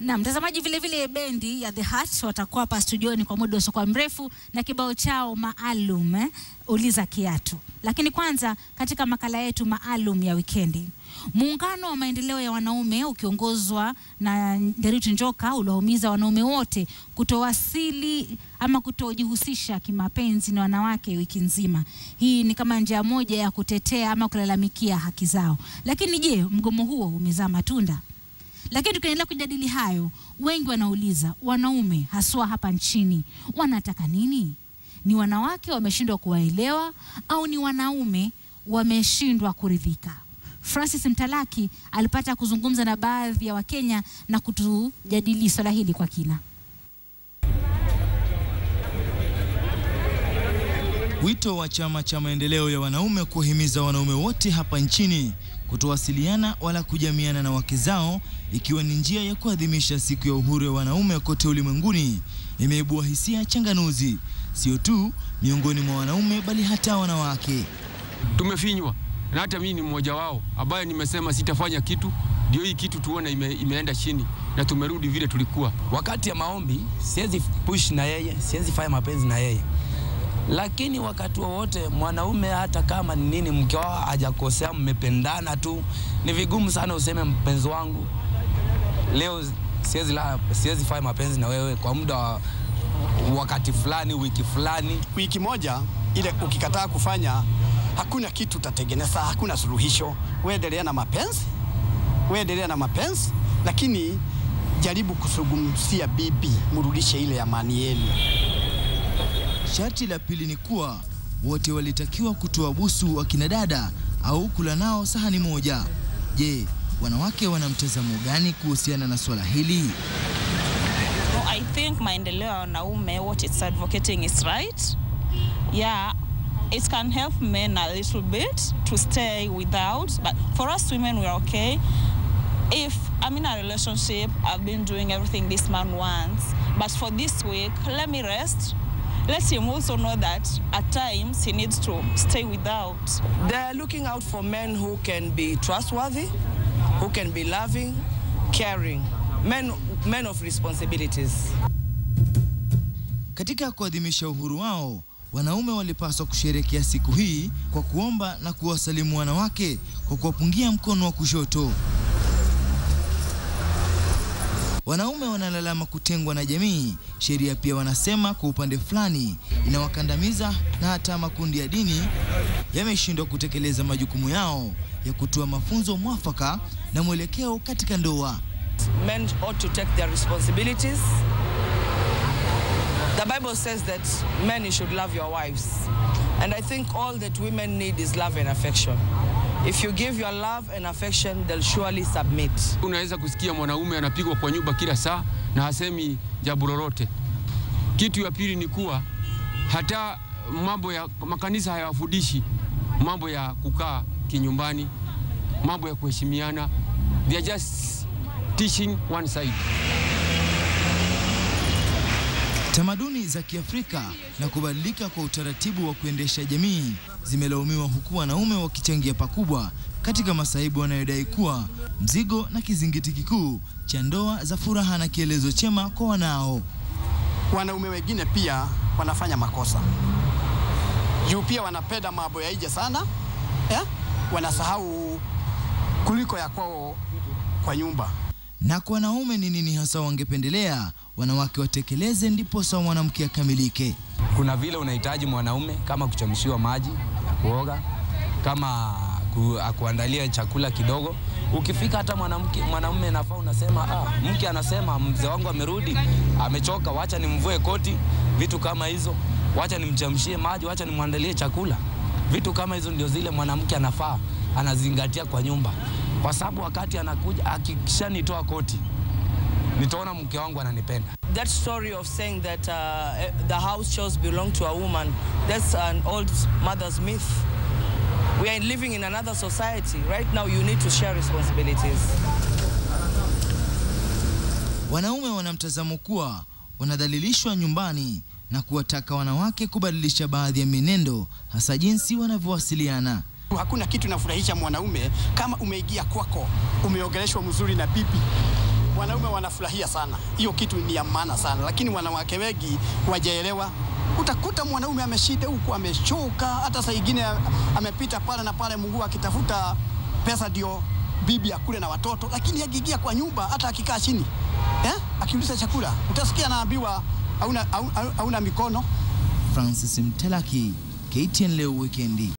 Na mtazamaji, vilevile bendi ya The Heart watakuwa hapa studioni kwa muda usiokuwa mrefu na kibao chao maalum eh, uliza kiatu. Lakini kwanza katika makala yetu maalum ya wikendi, muungano wa maendeleo ya wanaume ukiongozwa na Nderitu Njoka uliwahimiza wanaume wote kutowasili ama kutojihusisha kimapenzi na wanawake wiki nzima. Hii ni kama njia moja ya kutetea ama kulalamikia haki zao. Lakini je, mgomo huo umezaa matunda? Lakini tukiendelea kujadili hayo, wengi wanauliza, wanaume haswa hapa nchini wanataka nini? Ni wanawake wameshindwa kuwaelewa au ni wanaume wameshindwa kuridhika? Francis Mtalaki alipata kuzungumza na baadhi ya Wakenya na kutujadili swala hili kwa kina. Wito wa Chama cha Maendeleo ya Wanaume kuwahimiza wanaume wote hapa nchini kutowasiliana wala kujamiana na wake zao, ikiwa ni njia ya kuadhimisha siku ya uhuru ya wanaume kote ulimwenguni, imeibua hisia changanuzi, sio tu miongoni mwa wanaume, bali hata wanawake. Tumefinywa na hata mimi ni mmoja wao ambaye nimesema sitafanya kitu, ndio hii kitu tuone ime, imeenda chini na tumerudi vile tulikuwa. Wakati ya maombi siwezi push na yeye, siwezi fanya mapenzi na yeye lakini wakati wowote mwanaume, hata kama ni nini, mke wao hajakosea, mmependana tu, ni vigumu sana useme mpenzi wangu, leo siwezi la, siwezi fanya mapenzi na wewe kwa muda wa wakati fulani, wiki fulani, wiki moja ile. Ukikataa kufanya, hakuna kitu utatengeneza, hakuna suluhisho. Weendelea na mapenzi, weendelea na mapenzi, lakini jaribu kusugumsia bibi, mrudishe ile amani yenu. Sharti la pili ni kuwa wote walitakiwa kutoa busu wa kina dada au kula nao sahani moja. Je, wanawake wana mtazamo gani kuhusiana na swala hili? So I think maendeleo ya wanaume what it's advocating is right. Yeah, it can help men a little bit to stay without, but for us women we are okay. If I'm in a relationship, I've been doing everything this man wants, but for this week, let me rest Let him also know that at times he needs to stay without. They are looking out for men who can be trustworthy, who can be loving, caring, men, men of responsibilities. Katika kuadhimisha uhuru wao, wanaume walipaswa kusherehekea siku hii kwa kuomba na kuwasalimu wanawake kwa kuwapungia mkono wa kushoto. Wanaume wanalalama kutengwa na jamii. Sheria pia wanasema kwa upande fulani inawakandamiza na hata makundi ya dini yameshindwa kutekeleza majukumu yao ya kutoa mafunzo mwafaka na mwelekeo katika ndoa. Men ought to take their responsibilities. The Bible says that men should love your wives. And I think all that women need is love and affection. If you give your love and affection, they'll surely submit. Unaweza kusikia mwanaume anapigwa kwa nyumba kila saa na hasemi jambo lolote. Kitu ya pili ni kuwa hata mambo ya makanisa hayawafundishi mambo ya kukaa kinyumbani, mambo ya kuheshimiana. They are just teaching one side. Tamaduni za Kiafrika na kubadilika kwa utaratibu wa kuendesha jamii zimelaumiwa huku wanaume wakichangia pakubwa katika masaibu wanayodai kuwa mzigo na kizingiti kikuu cha ndoa za furaha na kielezo chema kwa wanao. Wanaume wengine pia wanafanya makosa juu pia wanapenda mambo ya nje sana eh? Wanasahau kuliko ya kwao kwa nyumba. Na kwa wanaume ni nini hasa wangependelea wanawake watekeleze, ndipo sawa mwanamke akamilike? Kuna vile unahitaji mwanaume kama kuchamshiwa maji ya kuoga, kama ku, kuandalia chakula kidogo. Ukifika hata mwanamke mwanaume nafaa unasema, ah, mke anasema mzee wangu amerudi, amechoka, wacha nimvue koti, vitu kama hizo, wacha nimchamshie maji, wacha nimwandalie chakula, vitu kama hizo ndio zile mwanamke anafaa anazingatia kwa nyumba kwa sababu wakati anakuja akishanitoa koti nitaona mke wangu ananipenda. That story of saying that uh, eh, the house chores belong to a woman, that's an old mother's myth. We are living in another society. Right now you need to share responsibilities. Wanaume wana mtazamo kuwa wanadhalilishwa nyumbani na kuwataka wanawake kubadilisha baadhi ya mienendo hasa jinsi wanavyowasiliana. Hakuna kitu nafurahisha mwanaume kama umeingia kwako, umeogeleshwa mzuri na bibi. Wanaume wanafurahia sana, hiyo kitu ni ya maana sana, lakini wanawake wengi wajaelewa. Utakuta mwanaume ameshida huku, amechoka, hata saa ingine amepita pale na pale mguu akitafuta pesa ndio bibi akule na watoto, lakini akiingia kwa nyumba, hata akikaa chini eh, akiuliza chakula, utasikia anaambiwa hauna, hauna, hauna mikono. Francis Mtelaki, KTN leo wikendi.